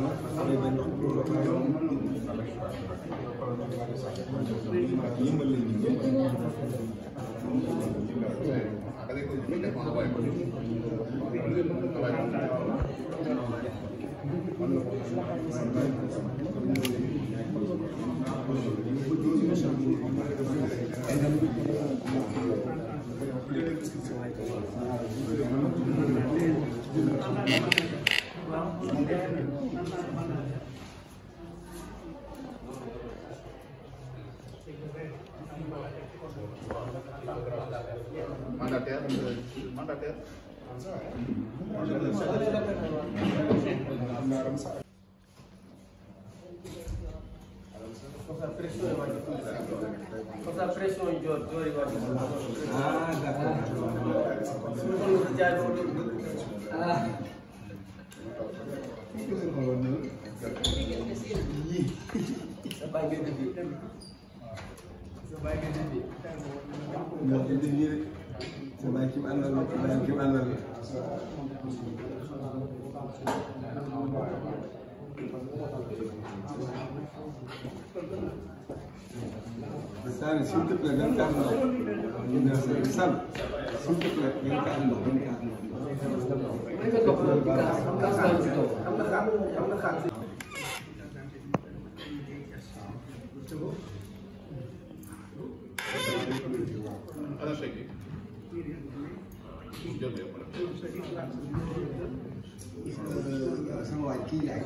loolu nag dafay benn loolu dafa yoon yëngal leen ñu ñëpp mën na ko Faça pressão e vai Faça pressão e Jorge, Jorge vai Ah, d'accord. Se não for já eu vou. Ah. Sebagai diri, sebagai diri, sebagai diri, sebagai mana, sebagai mana. Sani s'il te plaît ngeen tax na ñu Sani s'il te plaît ngeen tax na ngeen tax na. sama waa kii laay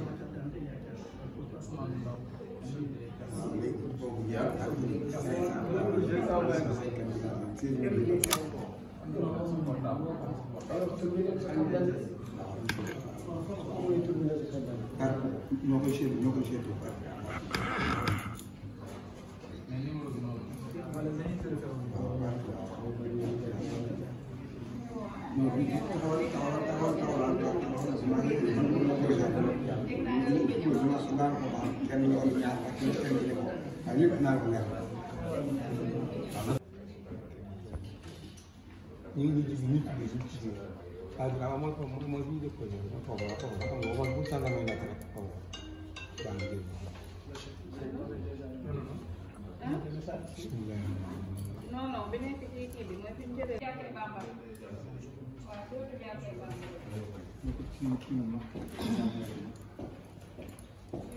ñoo koy seetlu ñoo koy seetlu par naa ko wax kenn ku woon ñaar ak kenn kenn ku ko waaye lépp naa ko leer. ñu ngi ñu ngi ñu ngi ci biir waaye bi daal mooy mooy bi ñu def ko ñoom xaw ma xaw ma xaw ma man bu sànqal may nekk rek xaw ma baax na dégg nga. non non bi nekk ci kii bi mooy fi ñu jëlee. waaw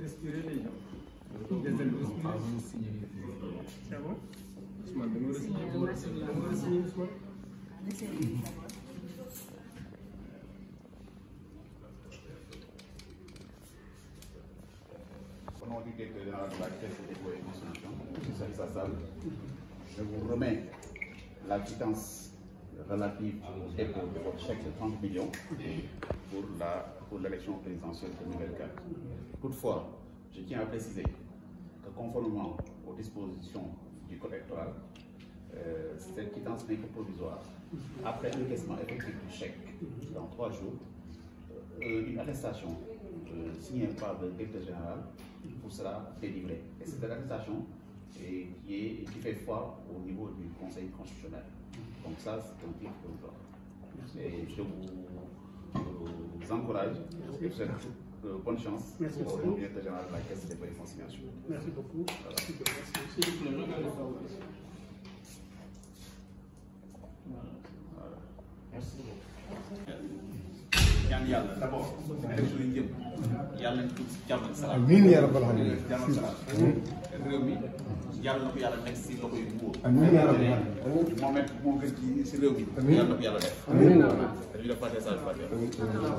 je vous remets la quittance relative au dépôt de votre chèque de 30 millions pour l'élection pour présidentielle 2024. Toutefois, je tiens à préciser que conformément aux dispositions du Code électoral, euh, cette quittance n'est que provisoire. Après l'encaissement effectif du chèque, dans trois jours, euh, euh, une arrestation euh, signée par le directeur général vous sera délivrée. Et cette une arrestation qui, est, qui fait foi au niveau du Conseil constitutionnel. Donc ça, c'est un titre provisoire. Et je vous, encourage, Merci. que... Euh, bonne chance Merci pour de la Caisse Merci beaucoup. Merci beaucoup. Merci. beaucoup.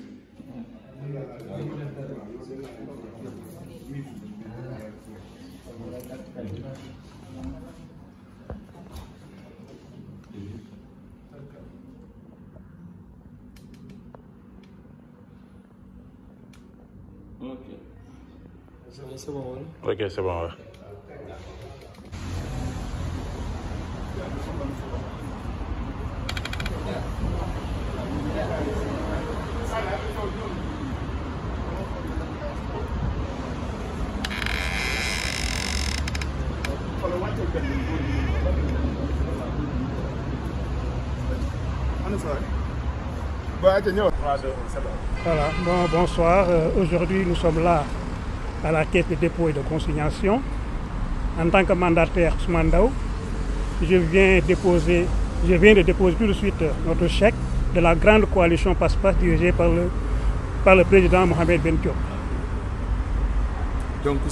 c'est Ok, c'est bon, Voilà, bon, bonsoir. Euh, aujourd'hui, nous sommes là à la Caisse de dépôt et de consignation. En tant que mandataire je viens déposer, je viens de déposer tout de suite notre chèque de la grande coalition Passe-Passe dirigée par le, président Mohamed Ben donc pour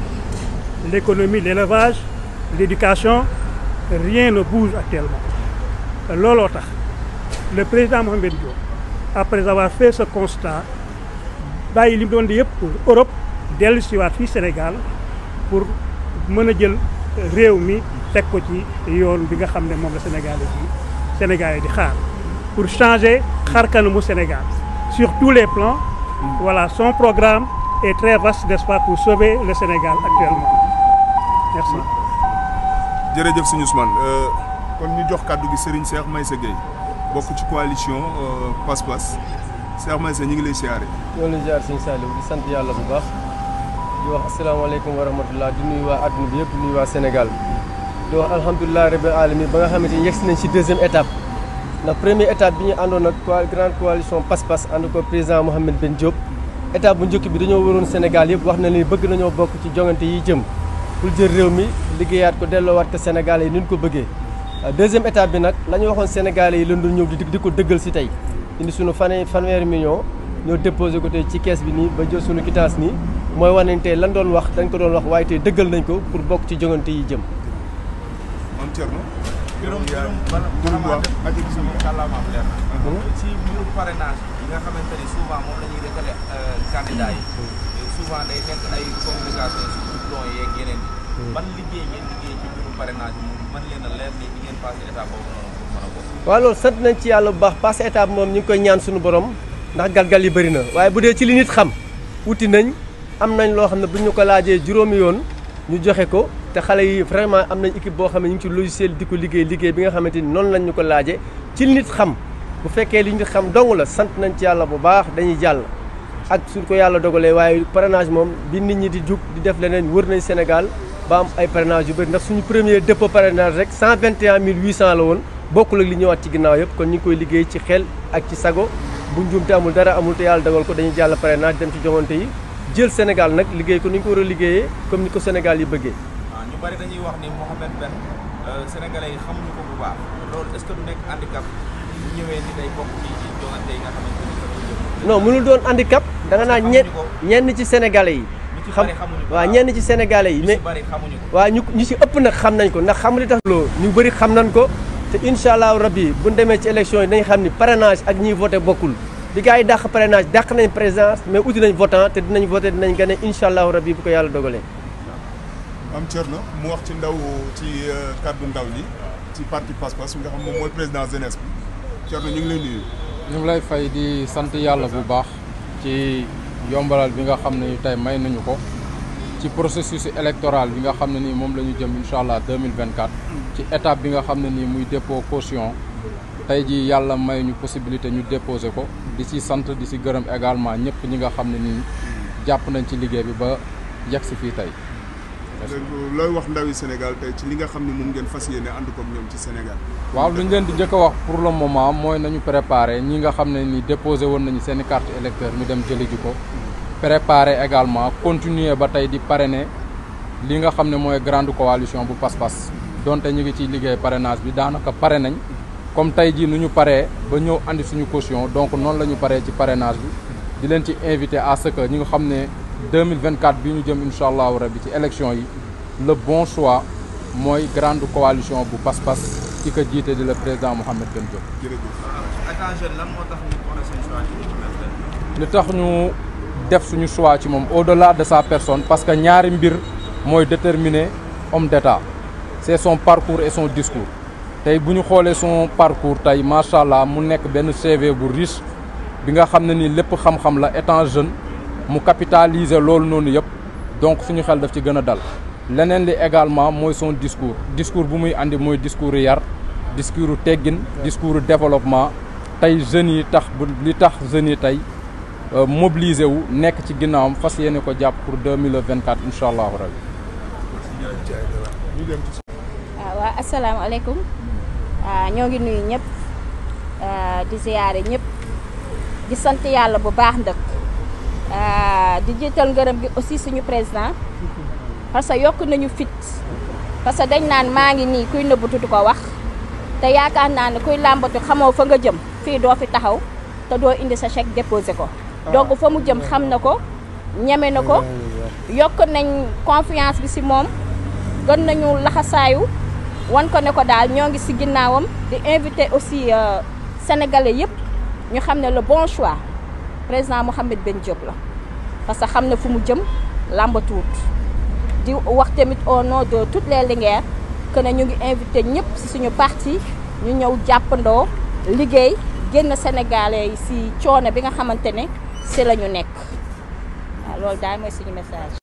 l'économie, l'élevage, l'éducation, rien ne bouge actuellement. le président Mohamed Diop après avoir fait ce constat il a mu pour Europe sur Sénégal pour réunir jël Sénégalais pour changer le Sénégal sur tous les plans voilà son programme est très vaste d'espoir pour sauver le Sénégal actuellement merci jërëjëf suñu Ousmane euh, kon ñu jox kàddu gi Serigne Cheikh Maïssa Gueye bokk ci coalition euh, Pass-Pass Cheikh Maïssa ñu ngi lay siyaare. ñoo ngi lay siyaare Serigne Saliou di sant yàlla bu baax di wax asalaamaaleykum wa rahmatulah di nuyu waa adduna bi yëpp di nuyu waa Sénégal di wax alhamdulilah rabbil alamin ba nga xamante ni yegsi nañ ci deuxième étape. ndax première étape bi ñu àndoon ak grande coalition Pass-Pass ànd ko président Mouhamed Ben Diop étape bu njëkk bi dañoo waroon Sénégal yëpp wax na ni bëgg nañoo bokk ci joŋante yi jëm. pour jël réew mi liggéeyaat ko delloowaat ko Sénégalais yi ni ñu ko bëggee euh, deuxième étape bi nag la ñu waxoon Sénégalais yi lan doon ñëw di di ko dëggal si tey indi sunu fan fanweeri million ñoo déposé ko tey ci kees bi nii ba jël sunu quittance nii mooy wane tey lan doon wax dañ ko doon wax waaye tey dëggal nañ ko pour bokk ci joŋante yi jëm. gërëm gërëm bala sama kàllaamaam leer mhm. doublon yeeg hmm. loolu sant nañ ci yàlla bu baax passé étape moom ñu ngi koy ñaan suñu borom ndax galgal yi bëri na waaye bu dee ci li nit xam wuti nañ am nañu loo xam ne bu ñu ko laajee juróomi yoon ñu joxe ko te xale yi vraiment am nañ équipe boo xam ne ñu ngi ci logiciel di ko liggéey liggéey bi nga xamante ni noonu lañ ñu ko laaje ci li nit xam bu fekkee li nit xam dong la sant nañ ci yàlla bu baax dañuy jàll ak suñ ko yàlla dogalee waaye parrainage moom bi nit ñi di jug di def leneen wër nañ Sénégal ba am ay parrainage yu bëri ndax suñu premier dépôt parrainage rek 121 800 la woon bokkul ak li ñëwaat ci ginnaaw yëpp kon ñu ngi koy liggéey ci xel ak ci sago bu njuumte amul dara amul te yàlla dogal ko dañuy jàll parrainage dem ci joŋante yi jël Sénégal nag liggéey ko ni ñu ko war a liggéeyee comme ni ko Sénégal yi bëggee. ñu bari dañuy wax ni Mohamed Ben sénégalais yi xamuñu ko bu baax loolu est-ce que du nekk handicap bu ñëwee ni day bokk ci joxante yi nga xamante ni non mënul doon handicap da nga naa ñenn ci sénégalais yi. xam waaw ñenn ci sénégalais yi mais waaw ñu ñu si ëpp nag xam nañ ko ndax xam li tax loo ñu bëri xam nañ ko te incha allahu rabbi bu ñu demee ci élection yi dañ xam ni parenage ak ñi voté bokkul bi gars yi dàq parrainage dàq nañ présence mais uti nañ votant te dinañ voté dinañ gagné incha allahu rabbi bu ko yàlla dogalee. am na mu wax ci ndaw ci euh, kàddu ndaw ñi ci parti Pass Pass nga xam moom mooy président jeunesse bi Thierno ñu lay fay di sant yàlla bu baax ci yombalal bi nga xam ne tey may nañu ko ci processus électoral bi nga xam ne nii moom la ñu jëm incha allah 2024 ci étape bi nga xam ne nii muy dépôt caution tey jii yàlla may ñu possibilité ñu déposé ko di ci sant di ci gërëm également ñëpp ñi nga xam ne nii jàpp nañ ci liggéey bi ba yegg si fii tey looy wax ndawi Sénégal tey ci li nga xam ne ngeen fas yéene ànd comme ñoom ci Sénégal. waaw lu ñu di njëkk wax pour le moment mooy nañu préparer ñi nga xam ni déposé woon nañu seen i carte électeur ñu dem jëli préparer également continuer ba tey di parrainer li nga xamné moy grande coalition bu pass pass donté ñu ngi ci liguey parrainage bi danaka paré nañ. comme tay ji nuñu paré ba ñeu andi suñu caution donc non lañu paré ci parrainage bi di leen ci invité à ce que ñi nga xamné 2024 nous jëm élection le bon choix une grande coalition pour passe pas ci ko le président Mohamed Ben nous choix au-delà de sa personne parce que ñaari mbir homme d'État c'est son parcours et son discours tay buñu son parcours tay machallah mu CV riche étant jeune mu capitaliser l'ol noonu yëpp donc suñu xel daf ci gën a dal leneen li également mooy son discours discours bu muy andi mooy discours yar discours teggin discours développement tey jeunes yi tax li tax jeunes yi tey euh, mobiliser wu nekk ci ginnaawam fas yéene ko jàpp pour 2024 inshallah vingt quatre incha allahu rabi. ah asalaamaaleykum ah, ñoo ngi nuyu ñëpp ah, di ziyaare ñëpp di sant yàlla bu baax ndëkk Euh, di jiital ngërëm gi aussi suñu président parce que yokk nañu fit parce que dañ naan maa ngi nii kuy nëbbu du ko wax te yaakaar naa ne kuy làmbatu xamoo fa nga jëm fii doo fi taxaw te doo indi sa cheque déposé ko ah. donc fa mu jëm xam na ko ñeme na ko ah, yokk nañ confiance bi ci moom gën nañu laxasaayu wan ko ne ko daal ñoo ngi ci ginnaawam di invité aussi euh, sénégalais yëpp ñu xam ne le bon choix président Mouhamed benn Diop la parce que xam na fu mu jëm làmbatuwut di wax tamit au nom de toutes les Linguères que ñu ngi invité ñëpp si suñu parti ñu ñëw jàppandoo liggéey génn sénégalais yi si coono bi nga xamante ne si la ñu nekk waaw loolu daal mooy suñu message.